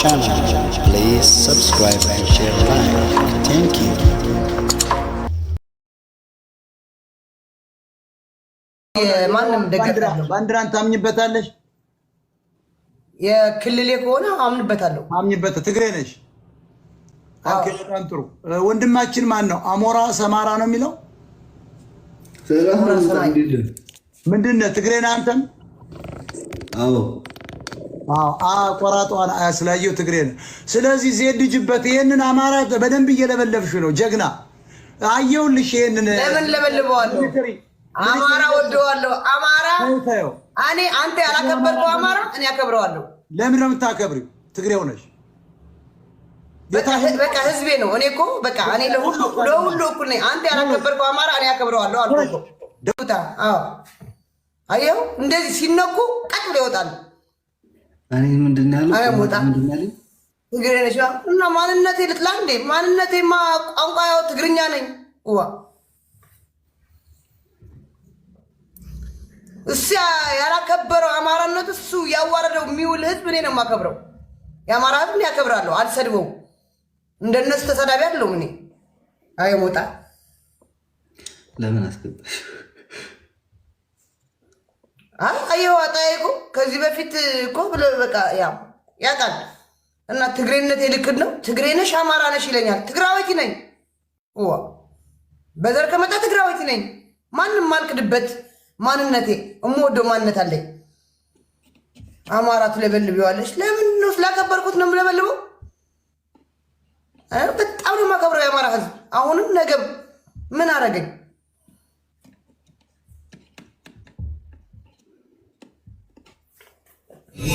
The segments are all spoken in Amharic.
channel. Please subscribe and share like. Thank you. ማንም ባንዲራን ታምኝበታለሽ? የክልሌ ከሆነ አምንበታለሁ። ትግሬ ነሽ? በጣም ጥሩ። ወንድማችን ማን ነው? አሞራ ሰማራ ነው የሚለው ምንድን ነው? ትግሬ ነህ አንተም? አዎ ቆራጧን አያስላየው ትግሬ ነው። ስለዚህ ዜድጅበት ይህንን አማራ በደንብ እየለበለብሽ ነው። ጀግና አየውልሽ። ይህንን ለምን ለበልበዋለሁ? አማራ ወደዋለሁ። አማራ እኔ አንተ ያላከበርከው አማራ እኔ ያከብረዋለሁ። ለምን ነው የምታከብሪው? ትግሬ ሆነሽ በቃ ህዝቤ ነው። እኔ እኮ በቃ እኔ ለሁሉ ለሁሉ እኩል ነኝ። አንተ ያላከበርከው አማራ እኔ ያከብረዋለሁ አልኩ። ደውታ አዎ፣ አየው እንደዚህ ሲነኩ ቀጥ ብሎ ይወጣል። እኔ ምንድን ያለው እና ማንነቴ ልጥላ እንዴ? ማንነቴማ ቋንቋ ያው ትግርኛ ነኝ። ዋ እሲያ ያላከበረው አማራነት እሱ ያዋረደው የሚውል ህዝብ እኔ ነው የማከብረው። የአማራ ህዝብ ያከብራለሁ፣ አልሰድበው። እንደነሱ ተሰዳቢ አለው እኔ አይ ሞጣ ለምን አስገባሽ? አየው አጣዬ ከዚህ በፊት እኮ ብለው በቃ ያው ያውቃል። እና ትግሬነት የልክድ ነው። ትግሬ ነሽ አማራ ነሽ ይለኛል። ትግራዊት ነኝ፣ በዘር ከመጣ ትግራዊት ነኝ። ማንም ማልክድበት ማንነቴ እምወደው ማንነት አለኝ። አማራ ትለበልቢዋለች። ለምን ነው ስላከበርኩት ነው የምለበልበው። በጣም ነው የማከብረው የአማራ ህዝብ አሁንም ነገም ምን አረገኝ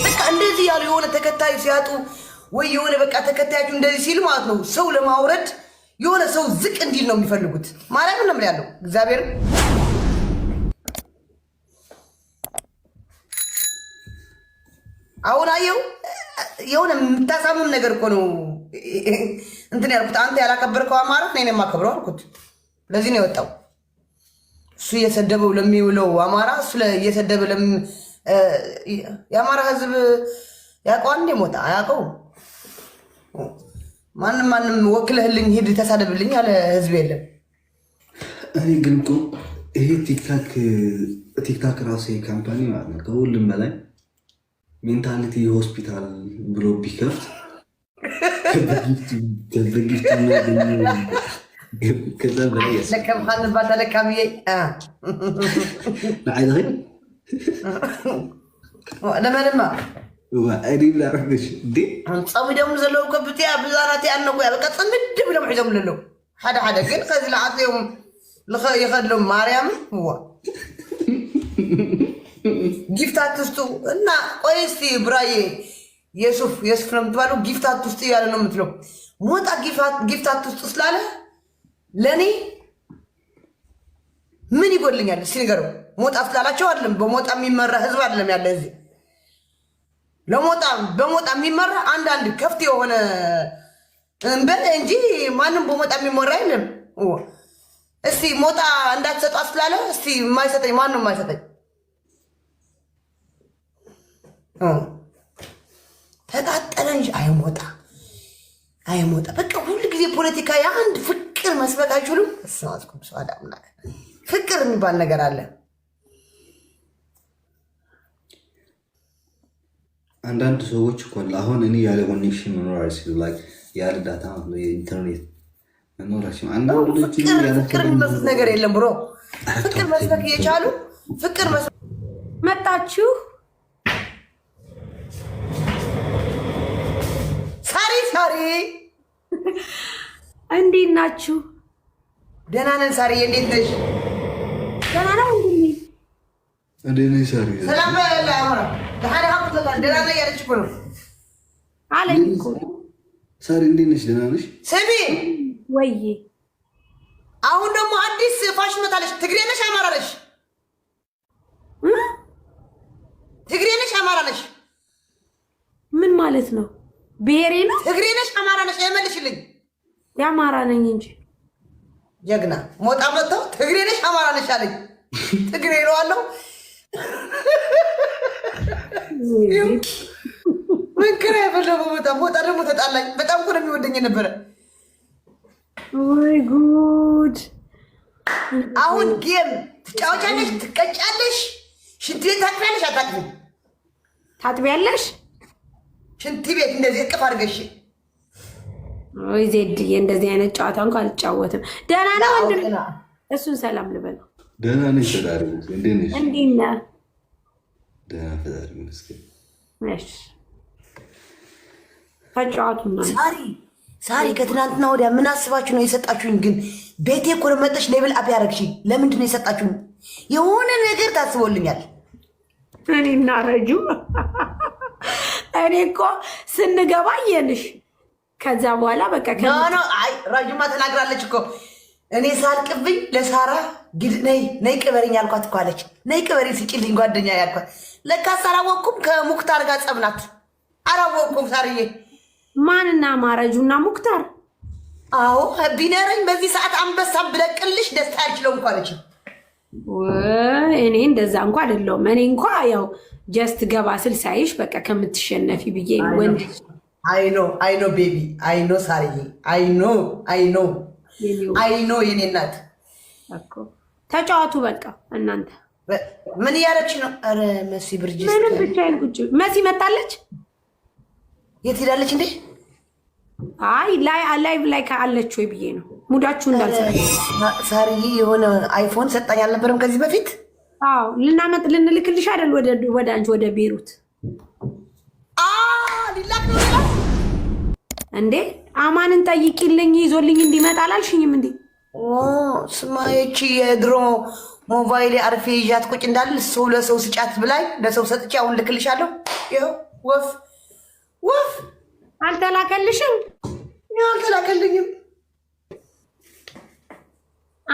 በቃ እንደዚህ ያሉ የሆነ ተከታይ ሲያጡ ወይ የሆነ በቃ ተከታያችሁ እንደዚህ ሲል ማለት ነው ሰው ለማውረድ የሆነ ሰው ዝቅ እንዲል ነው የሚፈልጉት። ማርያም ነው ያለው እግዚአብሔር አሁን አየው የሆነ የምታሳምም ነገር እኮ ነው እንትን ያልኩት። አንተ ያላከበርከው አማራት ነኝ የማከብረው አልኩት። ለዚህ ነው የወጣው እሱ እየሰደበው ለሚውለው አማራ እሱ እየሰደበ የአማራ ህዝብ ያውቀዋል እንዴ? ሞጣ አያውቀው። ማንም ማንም ወክለህልኝ ሂድ ተሳደብልኝ ያለ ህዝብ የለም። እኔ ግን እኮ ይሄ ቲክታክ ቲክታክ ራሱ ካምፓኒ ማለት ነው ከሁሉም በላይ ሜንታሊቲ ሆስፒታል ብሎ ቢከፍት ከዛ በላይ ተለካብዬ ለመንማ እኔም ደሞ ብዛናት በቃ ፅምድ ብሎም ሒዞም ሓደ ሓደ ግን ከዚ ለዓፅዮም ይኸድሎም ማርያም ዋ ጊፍታት ውስጡ እና ቆይ እስቲ ብራዬ የሱፍ የሱፍ ነው ጊፍታት ውስጡ እያለ ነው የምትለው ሞጣ ጊፍታት ውስጡ ስላለ ለእኔ ምን ይጎልኛል ንገረው ሞጣ ስላላቸው አይደለም። በሞጣ የሚመራ ህዝብ አይደለም ያለ እዚህ ለሞጣ በሞጣ የሚመራ አንዳንድ ከፍት የሆነ እንበል እንጂ ማንም በሞጣ የሚመራ የለም። እስቲ ሞጣ እንዳትሰጧ ስላለ እስቲ የማይሰጠኝ ማንም የማይሰጠኝ ተቃጠለ እንጂ አይሞጣ አይሞጣ በቃ ሁሉ ጊዜ ፖለቲካ የአንድ ፍቅር መስበክ አይችሉም። ሰው አዳምና ፍቅር የሚባል ነገር አለ። አንዳንድ ሰዎች እኮ አሁን እኔ ያለ ኮኔክሽን መኖር አልችልም፣ ያለ ዳታ የኢንተርኔት መኖር አልችልም። አንዳንድ ፍቅር የሚመስል ነገር የለም ብሮ ፍቅር መስበክ እየቻሉ ፍቅር መስበክ መጣችሁ። ሳሪ ሳሪ፣ እንዴት ናችሁ? ደህና ነን። ሳሪ እንዴት ነሽ? ደህና ነው። ሳሪ ወይ አሁን ደግሞ አዲስ ፋሽን መታለች። ትግሬ ነሽ? አማራ ነሽ? ትግሬ ነሽ? አማራ ነሽ? ምን ማለት ነው? ብሔሬ ነው። ትግሬ ነሽ? አማራ ነሽ? አይመልሽልኝ። የአማራ ነኝ እንጂ ጀግና ሞጣ መጥተው ትግሬ ነሽ? አማራ ነሽ አለኝ። ትግሬ ነው አለው መንከራ የፈለገው በጣም ደግሞ ተጣላኝ። በጣም ነው የሚወደኝ ነበረ። ወይ ጉድ! አሁን ጌም ትጫወቻለሽ፣ ትቀጫለሽ፣ ሽንት ቤት ታጥቢያለሽ። አታጥቢም? ታጥቢያለሽ ሽንት ቤት እንደዚህ እቅፍ አድርገሽ ወይ ዜድዬ። እንደዚህ አይነት ጨዋታ እንኳ አልጫወትም። ደህና ነው ወንድም። እሱን ሰላም ልበለው ደህና ነኝ። ፈጣሪ እንዴት ነሽ? እንዴት ነህ? ደህና ፈጣሪ ይመስገን። ሳሪ ሳሪ፣ ከትናንትና ወዲያ ምን አስባችሁ ነው የሰጣችሁኝ? ግን ቤቴ እኮ ነው መጠሽ ሌብል አፕ ያደረግሽኝ። ለምንድን ነው የሰጣችሁኝ? የሆነ ነገር ታስቦልኛል። እኔ እናረጁ እኔ እኮ ስንገባ የንሽ ከዛ በኋላ በቃ ረጁማ ተናግራለች እኮ እኔ ሳልቅብኝ ለሳራ ግድ ነይ ነይ ቅበሪኝ ያልኳት እኮ አለች። ነይ ቅበሪ ስጭልኝ ጓደኛ ያልኳት ለካስ አላወቅኩም። ከሙክታር ጋር ጸብናት አላወቅኩም። ሳርዬ ማንና ማረጁና ሙክታር? አዎ ቢነረኝ በዚህ ሰዓት አንበሳም ብለቅልሽ ደስታ ያልችለው እንኳ አለች። እኔ እንደዛ እንኳ አይደለሁም። እኔ እንኳ ያው ጀስት ገባ ስል ሳይሽ በቃ ከምትሸነፊ ብዬ ወንድ አይኖ አይኖ ቤቢ አይኖ ሳርዬ አይኖ አይኖ አይ ኖ የኔ እናት ተጫዋቱ በቃ እናንተ ምን እያለች ነው? ኧረ መሲ ብርጅ ምንም ብቻዬን ቁጭ መሲ መታለች። የት ሄዳለች እንዴ? አይ ላይ ላይቭ ላይ ከአለች ወይ ብዬ ነው ሙዳችሁ እንዳልሰራ የሆነ አይፎን ሰጣኝ አልነበረም ከዚህ በፊት? አዎ ልናመጥ ልንልክልሽ አይደል ወደ ወደ አንቺ ወደ ቤሩት ሊላክ ነው እንዴ አማንን ጠይቂልኝ ይዞልኝ እንዲመጣ አላልሽኝም እንዴ? ስማዮች የድሮ ሞባይል አርፌ ይዣት ቁጭ እንዳል ሰው ለሰው ስጫት ብላይ ለሰው ሰጥቼ አሁን ልክልሻለሁ። ወፍ ወፍ አልተላከልሽም? አልተላከልኝም።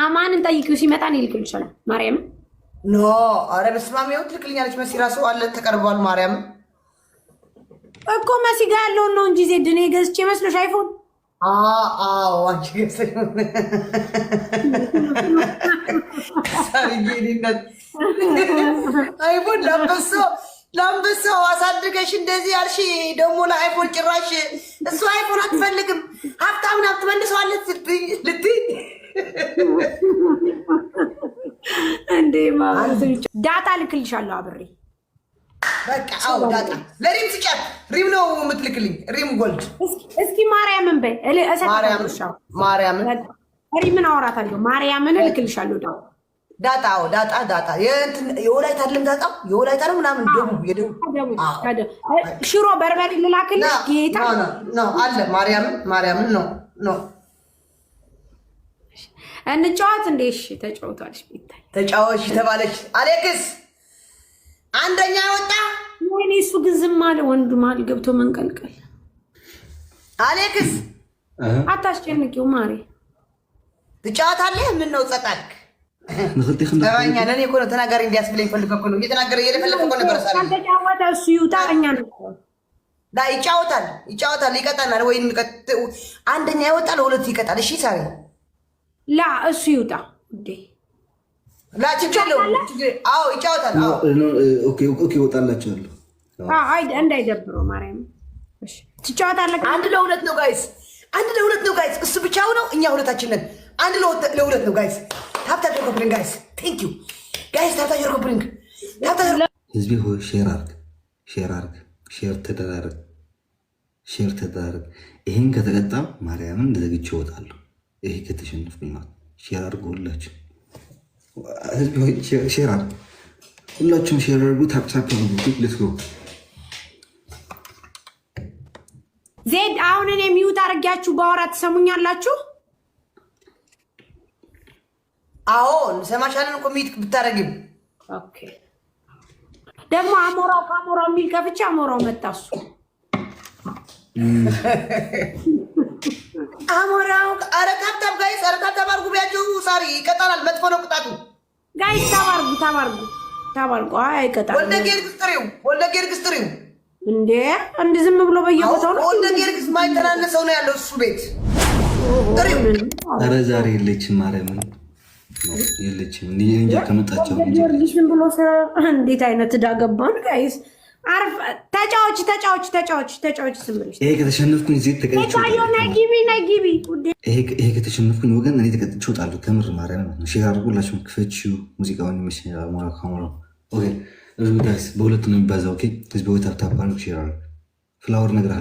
አማንን ጠይቂው ሲመጣ ነው ልክልሻለሁ። ማርያም ኖ አረ በስመ ትልክልኛለች። መሲራ ሰው አለ ተቀርቧል። ማርያምን እኮ መሲ ጋር ያለውን ነው እንጂ ዜድ እኔ ገዝቼ መስሎሽ አይፎን አንቺ ገዝተሽ አይፎን ለአንበሳ ለአንበሳው አሳድገሽ እንደዚህ ያልሽ ደግሞ ለአይፎን ጭራሽ እሱ አይፎን አትፈልግም ሀብታምን አትመልሰዋለት ልትይ እንዴ ዳታ ልክልሻለሁ አብሬ በቃ አዎ፣ ዳጣ ለሪም ስጫት። ሪም ነው የምትልክልኝ። ሪም ጎልድ። እስኪ ማርያምን በይ። ማርያምን ሪምን አወራታለሁ። ማርያምን እልክልሻለሁ። ዳ ዳጣ አዎ፣ ዳጣ ዳጣ የወላይታ አይደለም ዳጣ የወላይታ ነው ምናምን ደቡብ የደቡብ ሽሮ በርበሬ ልላክልሽ ጌታ አለ። ማርያምን ማርያምን ነው ነው እንጫወት እንዴሽ ተጫወቷልሽ ቤታ ተጫወች ተባለች አሌክስ አንደኛ ወጣ። ወይኔ እሱ ግን ዝም አለ። ወንዱ መሀል ገብቶ መንቀልቀል። አሌክስ አታስጨንቂው ማሪ ትጫወታለህ። ምን ነው ጸጣልክ? ተባኛ ለእኔ እኮ ነው ተናጋሪ እንዲያስብለኝ ፈልገህ እኮ ነው እየተናገረ እየለፈለፈ እኮ ነበር። ተጫወተ እሱ ይውጣ። እኛ ዳ ይጫወታል፣ ይጫወታል፣ ይቀጣናል። ወይ አንደኛ ይወጣል፣ ሁለት ይቀጣል። እሺ ሳሪ ላ እሱ ይውጣ እንዴ ይጫወጣላቸዋለሁ እንዳይደብረው ማርያም ትጫወታለህ። አንድ ለሁለት ነው ጋይስ፣ አንድ ለሁለት ነው ጋይስ። እሱ ብቻው ነው፣ እኛ ሁለታችን ነን። አንድ ለሁለት ነው ጋይስ። ታብታ ጀርጎብሪንግ ጋይስ፣ ቴንክ ዩ ጋይስ። ታብታ ጀርጎብሪንግ ህዝቤ ሆይ ሼር አርግ፣ ሼር አርግ፣ ሼር ሼር ከተቀጣም ማርያምን ዘግቼ እወጣለሁ። ይሄ ከተሸነፍኩኝ ሼር አርግ ሼር ሁላችሁም ሼር አድርጉ። ታፕታፕ ልትሉ ዜድ አሁን እኔ ሚዩት አድርጊያችሁ በአወራ ትሰሙኛላችሁ? አዎ እንሰማሻለን እኮ ሚዩት ብታደርጊም ደግሞ አሞራው ከአሞራው የሚል ከፍቼ አሞራው መጣሱ አሞራው አረ ታብታብ ጋይስ፣ አረ ታብታብ አርጉ ቢያቸው ሳሪ ይቀጣናል። መጥፎ ነው ቅጣቱ ጋይስ። ታባርጉ ታባርጉ ታባርጉ። አይ አይቀጣም። ወልደጊዮርጊስ ጥሪው፣ ወልደጊዮርጊስ ጥሪው። እንዴ እንዲ ዝም ብሎ በየቦታው ነው። ወልደጊዮርጊስ ማይተናነሰው ነው ያለው እሱ ቤት ጥሪው። አረ ዛሬ የለችም ማርያምን የለችም እንጂ ከመጣቸው ጊዮርጊስን ብሎ እንዴት አይነት እዳ ጋይስ ተጫዎች ተጫዎች ተጫዎች ተጫዎች ስምልሽ ይሄ ከተሸነፍኩኝ ዜ ተቀይቼ ነጊቢ ነጊቢ ይሄ ከተሸነፍኩኝ ወገን እኔ ተቀጥቼ እወጣለሁ። ከምር ማርያም ነው ሼር አድርጎላችሁ ክፈችው ሙዚቃውን ይመስለኛል። አሞራ ከአሞራ ኦኬ። በሁለቱ ነው የሚባዛው። ኦኬ ህዝብ ወይ ታብታብ ሼር ፍላወር ነገር